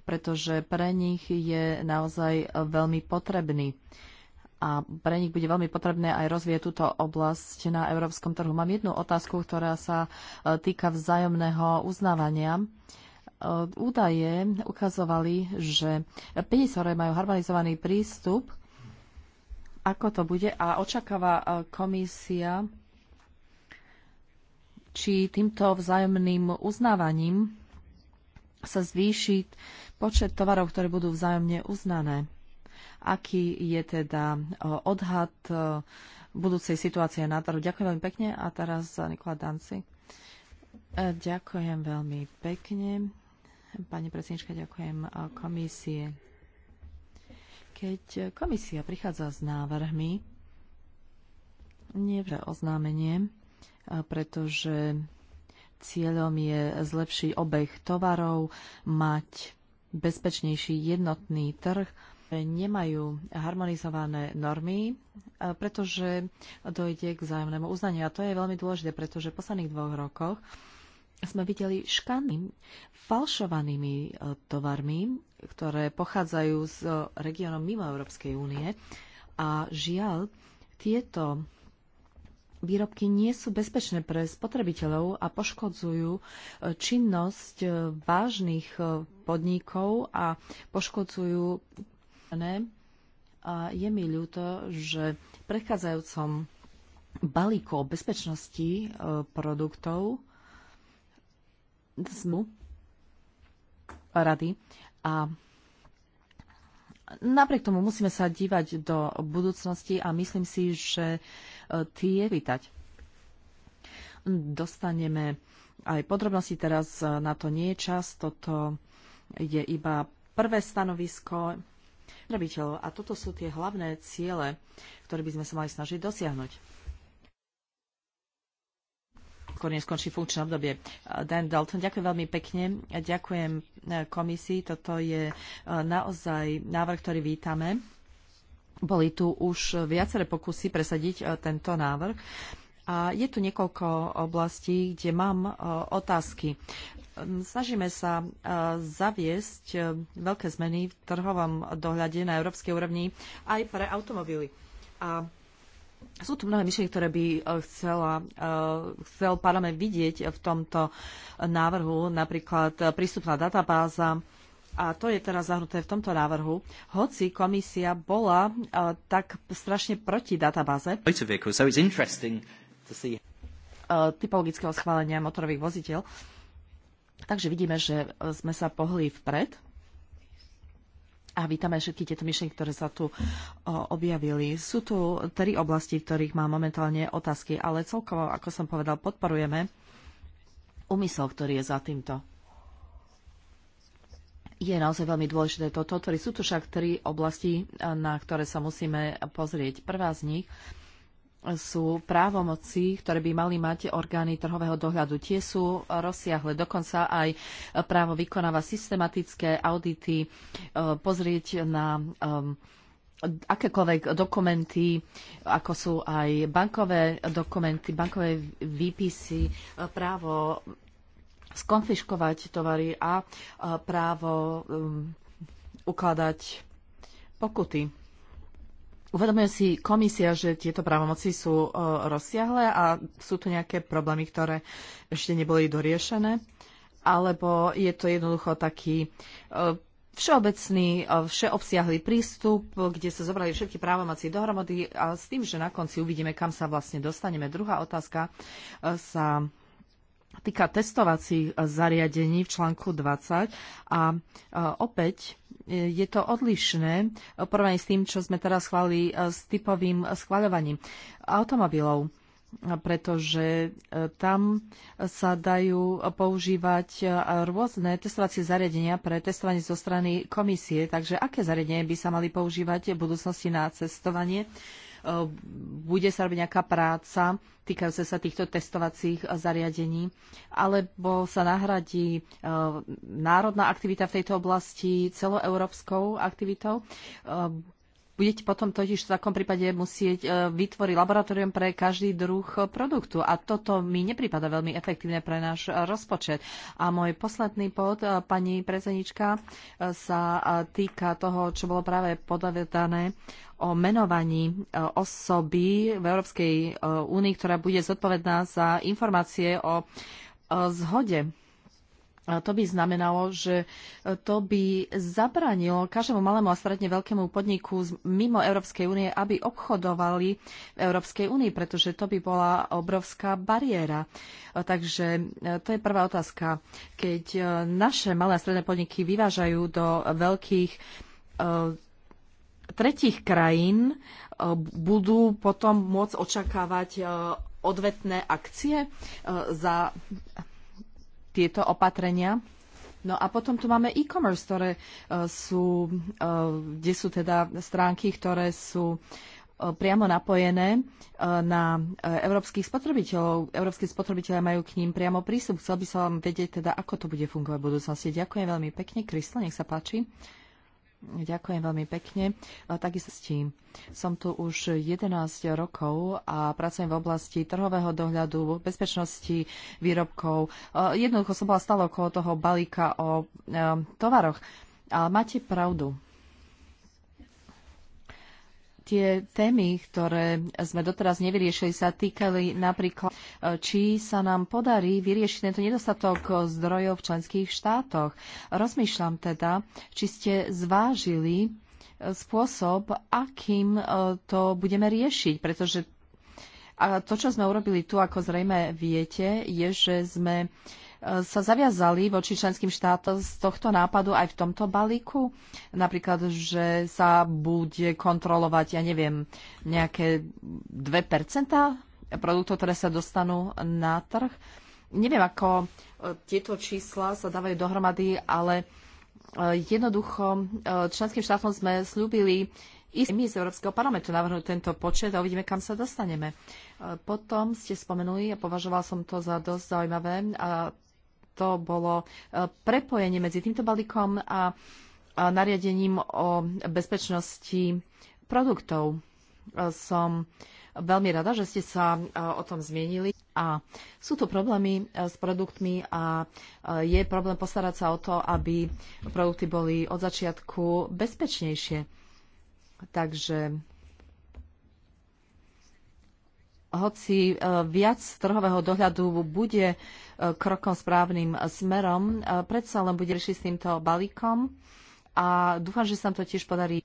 pretože pre nich je naozaj veľmi potrebný a pre nich bude veľmi potrebné aj rozvieť túto oblasť na európskom trhu. Mám jednu otázku, ktorá sa e, týka vzájomného uznávania. E, údaje ukazovali, že 50 majú harmonizovaný prístup. Ako to bude? A očakáva e, komisia, či týmto vzájomným uznávaním sa zvýši počet tovarov, ktoré budú vzájomne uznané aký je teda e, odhad e, budúcej situácie na trhu. Ďakujem veľmi pekne a teraz Nikola Danci. E, ďakujem veľmi pekne. Pani predsednička, ďakujem komisie. Keď komisia prichádza s návrhmi, nie pre oznámenie, pretože cieľom je zlepšiť obeh tovarov, mať bezpečnejší jednotný trh, nemajú harmonizované normy, pretože dojde k vzájomnému uznaniu. A to je veľmi dôležité, pretože v posledných dvoch rokoch sme videli škany falšovanými e, tovarmi, ktoré pochádzajú z regiónov mimo Európskej únie. A žiaľ, tieto výrobky nie sú bezpečné pre spotrebiteľov a poškodzujú e, činnosť e, vážnych podnikov a poškodzujú riešené a je mi ľúto, že v prechádzajúcom balíku o bezpečnosti e, produktov ZMU rady a Napriek tomu musíme sa dívať do budúcnosti a myslím si, že e, tie vytať. Dostaneme aj podrobnosti, teraz e, na to nie je čas, toto je iba prvé stanovisko robiteľov. A toto sú tie hlavné ciele, ktoré by sme sa mali snažiť dosiahnuť. Skôr neskončí funkčné obdobie. Dan Dalton, ďakujem veľmi pekne. Ďakujem eh, komisii. Toto je eh, naozaj návrh, ktorý vítame. Boli tu už viaceré pokusy presadiť eh, tento návrh. A je tu niekoľko oblastí, kde mám otázky. Snažíme sa e, zaviesť e, veľké zmeny v trhovom dohľade na európskej úrovni aj pre automobily. A sú tu mnohé myšlienky, ktoré by e, chcela, chcel parlament vidieť v tomto návrhu, napríklad prístupná databáza, a to je teraz zahnuté v tomto návrhu, hoci komisia bola tak strašne proti databáze typologického schválenia motorových voziteľ, Takže vidíme, že e, sme sa pohli vpred a vítame všetky tieto myšlienky, ktoré sa tu e, objavili. Sú tu tri oblasti, v ktorých mám momentálne otázky, ale celkovo, ako som povedal, podporujeme úmysel, ktorý je za týmto. Je naozaj veľmi dôležité toto, sú tu však tri oblasti, e, na ktoré sa musíme pozrieť. Prvá z nich sú právomoci, ktoré by mali mať orgány trhového dohľadu. Tie sú rozsiahle. Dokonca aj právo vykonáva systematické audity, e, pozrieť na e, akékoľvek dokumenty, ako sú aj bankové dokumenty, bankové výpisy, e, právo skonfiškovať tovary a právo ukladať pokuty. Uvedomuje si komisia, že tieto právomoci sú e, rozsiahle a sú tu nejaké problémy, ktoré ešte neboli doriešené? Alebo je to jednoducho taký e, všeobecný, e, všeobsiahly prístup, kde sa zobrali všetky právomoci dohromady a s tým, že na konci uvidíme, kam sa vlastne dostaneme. Druhá otázka sa týka testovacích eh, zariadení v článku 20 a eh, opäť eh, je to odlišné porovnaní s tým, čo sme teraz schválili s typovým schváľovaním automobilov pretože tam sa dajú používať rôzne testovacie zariadenia pre testovanie zo strany komisie. Takže aké zariadenie by sa mali používať v budúcnosti na cestovanie? E, bude sa robiť nejaká práca týkajúce sa týchto testovacích e, zariadení, alebo sa nahradí e, národná aktivita v tejto oblasti celoeurópskou aktivitou budete potom totiž v takom prípade musieť e, vytvoriť laboratórium pre každý druh e, produktu. A toto mi nepripada veľmi efektívne pre náš e, rozpočet. A môj posledný pod, pani prezenička, sa týka toho, čo bolo práve podavetané o menovaní osoby v Európskej únii, ktorá bude zodpovedná za informácie o zhode to by znamenalo, že e, to by zabranilo každému malému a stredne veľkému podniku mimo Európskej únie, aby obchodovali v Európskej únii, pretože to by bola obrovská bariéra. E, takže e, to je prvá otázka. Keď naše malé a stredné podniky vyvážajú do veľkých tretich krajín, budú potom môcť očakávať odvetné akcie za tieto opatrenia. No a potom tu máme e-commerce, ktoré e, sú, e, kde sú teda stránky, ktoré sú e, priamo napojené na európskych spotrebiteľov. Európsky spotrebiteľe majú k ním priamo prístup. Chcel by som vedieť teda, ako to bude fungovať v budúcnosti. Ďakujem veľmi pekne. Krystal, nech sa páči. Ďakujem veľmi pekne. Takisto s som tu už 11 rokov a pracujem v oblasti trhového dohľadu, bezpečnosti výrobkov. Jednoducho som bola stále okolo toho balíka o e, tovaroch. A máte pravdu. Tie témy, ktoré sme doteraz nevyriešili, sa týkali napríklad, e, či sa nám podarí vyriešiť tento nedostatok zdrojov v členských štátoch. Rozmýšľam teda, či ste zvážili e, spôsob, akým e, to budeme riešiť, pretože a to, čo sme urobili tu, ako zrejme viete, je, že sme sa zaviazali voči členským štátom z tohto nápadu aj v tomto balíku? Napríklad, že sa bude kontrolovať, ja neviem, nejaké 2% produktov, ktoré sa dostanú na trh. Neviem, ako e, tieto čísla sa dávajú dohromady, ale e, jednoducho e, členským štátom sme slúbili i my z Európskeho parlamentu navrhnú tento počet a uvidíme, kam sa dostaneme. Potom ste spomenuli, a považoval som to za dosť zaujímavé, a to bolo e, prepojenie medzi týmto balíkom a nariadením o bezpečnosti produktov. E, som veľmi rada, že ste sa e, o tom zmienili. A sú tu problémy s produktmi a je problém postarať sa o to, aby produkty boli od začiatku bezpečnejšie. Takže hoci e, viac trhového dohľadu bude e, krokom správnym smerom, e, predsa len bude riešiť s týmto balíkom a dúfam, že sa nám to tiež podarí.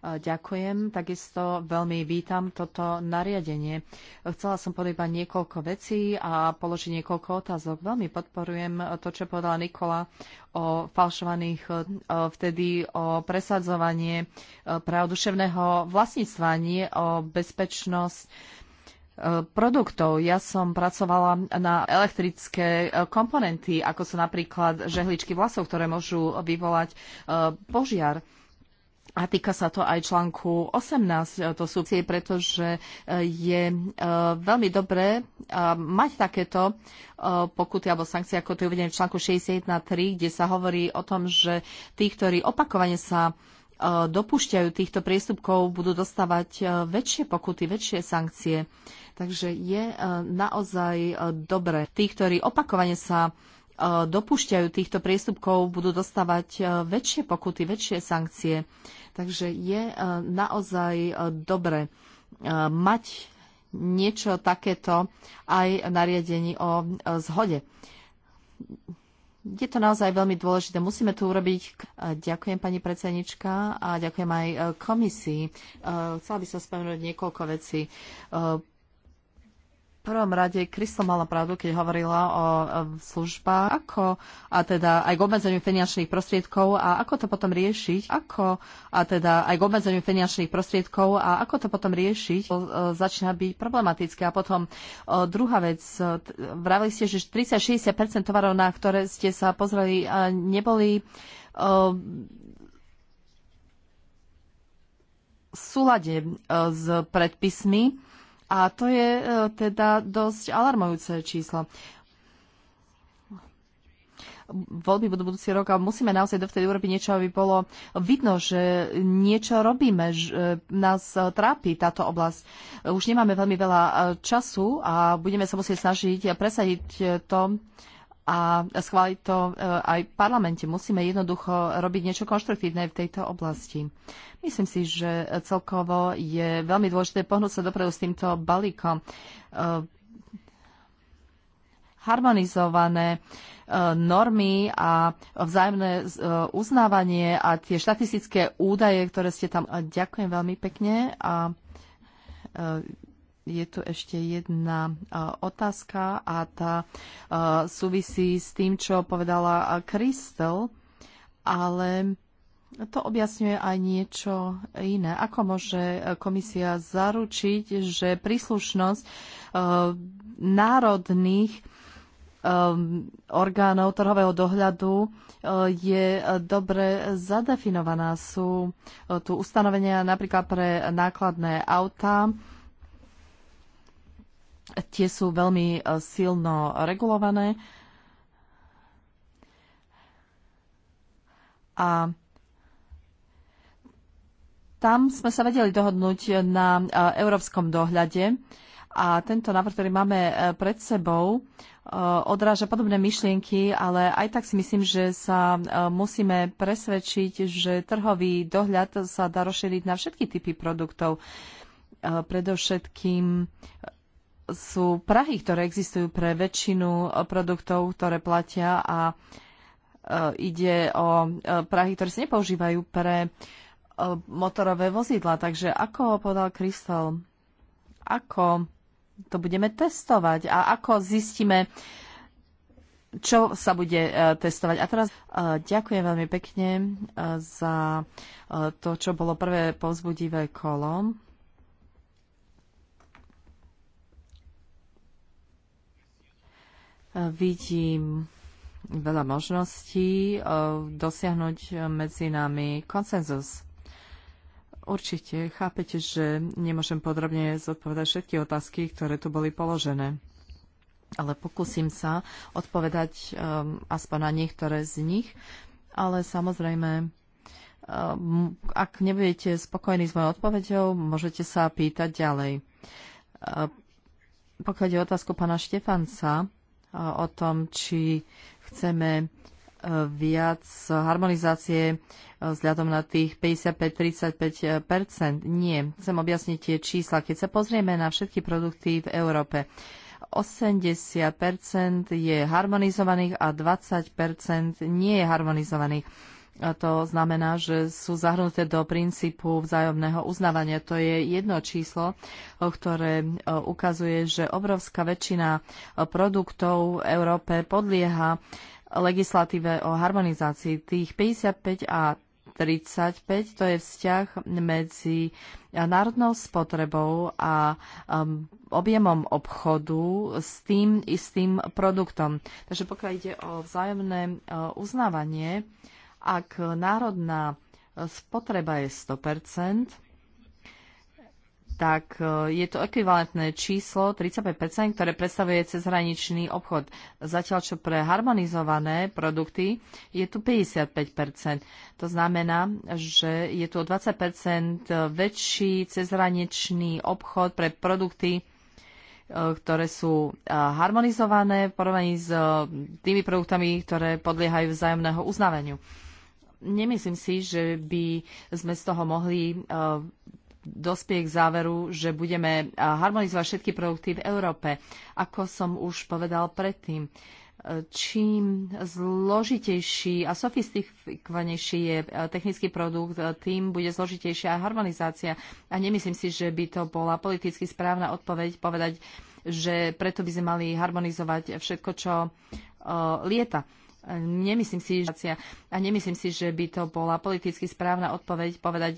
Ďakujem, takisto veľmi vítam toto nariadenie. Chcela som povedať iba niekoľko vecí a položiť niekoľko otázok. Veľmi podporujem to, čo povedala Nikola o falšovaných, vtedy o presadzovanie pravduševného vlastníctva, nie o bezpečnosť produktov. Ja som pracovala na elektrické e, komponenty, ako sú napríklad žehličky vlasov, ktoré môžu vyvolať e, požiar. A týka sa to aj článku 18, e, to sú pretože je veľmi dobré mať takéto pokuty alebo sankcie, ako to je uvedené v článku 61.3, kde sa hovorí o tom, že tí, ktorí opakovane sa dopúšťajú týchto priestupkov, budú dostávať e, väčšie pokuty, väčšie sankcie. Takže je e, naozaj e, dobre. Tí, ktorí opakovane sa dopúšťajú týchto priestupkov, budú dostávať väčšie pokuty, väčšie sankcie. Takže je naozaj dobre mať niečo takéto aj nariadení o zhode je to naozaj veľmi dôležité. Musíme to urobiť. Ďakujem pani predsednička a ďakujem aj e, komisii. E, chcela by som spomenúť niekoľko vecí. E, prvom rade Kristo mala pravdu, keď hovorila o službách, ako a teda aj k obmedzeniu finančných prostriedkov a ako to potom riešiť, ako a teda aj k obmedzeniu finančných prostriedkov a ako to potom riešiť, to e, začína byť problematické. A potom e, druhá vec, e, vravili ste, že 30-60% tovarov, na ktoré ste sa pozreli, neboli v súlade s predpismi a to je e, teda dosť alarmujúce číslo voľby budú budúci rok a musíme naozaj vtedy urobiť niečo, aby bolo vidno, že niečo robíme, že e, nás e, trápi táto oblasť. Už nemáme veľmi veľa času a budeme sa musieť snažiť presadiť to, a schváliť to e, aj v parlamente. Musíme jednoducho robiť niečo konštruktívne v tejto oblasti. Myslím si, že celkovo je veľmi dôležité pohnúť sa dopredu s týmto balíkom. E, harmonizované e, normy a vzájomné uznávanie a tie štatistické údaje, ktoré ste tam... Ďakujem veľmi pekne a je tu ešte jedna otázka a tá súvisí s tým, čo povedala Kristel, ale to objasňuje aj niečo iné. Ako môže komisia zaručiť, že príslušnosť národných orgánov trhového dohľadu je dobre zadefinovaná. Sú tu ustanovenia napríklad pre nákladné autá, Tie sú veľmi e, silno regulované. A tam sme sa vedeli dohodnúť na e, európskom dohľade a tento návrh, ktorý máme e, pred sebou, odráža podobné myšlienky, ale aj tak si myslím, že sa musíme presvedčiť, že trhový dohľad sa dá rozšíriť na všetky typy produktov. Predovšetkým sú prahy, ktoré existujú pre väčšinu eh, produktov, ktoré platia a eh, ide o eh, prahy, ktoré sa nepoužívajú pre motorové vozidla. Takže ako povedal Kristol, ako to budeme testovať a ako zistíme, čo sa bude testovať. A teraz ďakujem veľmi pekne za to, čo bolo prvé povzbudivé kolom. Vidím veľa možností eh, dosiahnuť medzi nami konsenzus. Určite chápete, že nemôžem podrobne zodpovedať všetky otázky, ktoré tu boli položené. Ale pokúsim sa odpovedať um, aspoň na niektoré z nich. Ale samozrejme, um, ak nebudete spokojní s mojou odpoveďou, môžete sa pýtať ďalej. Um, pokiaľ je otázku pána Štefanca, o tom, či chceme e, viac harmonizácie e, vzhľadom na tých 55-35 e, Nie, chcem objasniť tie čísla. Keď sa pozrieme na všetky produkty v Európe, 80 je harmonizovaných a 20 nie je harmonizovaných. A to znamená, že sú zahrnuté do princípu vzájomného uznávania. To je jedno číslo, ktoré e, ukazuje, že obrovská väčšina e, produktov v Európe podlieha legislatíve o harmonizácii. Tých 55 a 35 to je vzťah medzi národnou spotrebou a objemom obchodu s tým istým produktom. Takže pokiaľ ide o vzájomné e, uznávanie, ak národná spotreba je 100%, tak e, je to ekvivalentné číslo 35%, ktoré predstavuje cezhraničný obchod. Zatiaľ, čo pre harmonizované produkty je tu 55%. To znamená, že je tu o 20% väčší cezhraničný obchod pre produkty, e, ktoré sú e, harmonizované v porovnaní s tými produktami, ktoré podliehajú vzájomného uznávaniu nemyslím si, že by sme z toho mohli e, dospieť k záveru, že budeme e, harmonizovať všetky produkty v Európe. Ako som už povedal predtým, e, čím zložitejší a sofistikovanejší je technický produkt, tým bude zložitejšia harmonizácia. A nemyslím si, že by to bola politicky správna odpoveď povedať, že preto by sme mali harmonizovať všetko, čo uh, lieta. Nemyslím si, že, a nemyslím si, že by to bola politicky správna odpoveď povedať,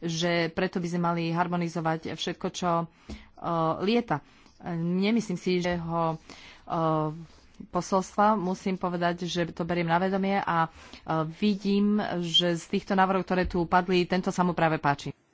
že preto by sme mali harmonizovať všetko, čo uh, lieta. Nemyslím si, že ho uh, posolstva. Musím povedať, že to beriem na vedomie a vidím, že z týchto návrhov, ktoré tu padli, tento sa mu práve páči.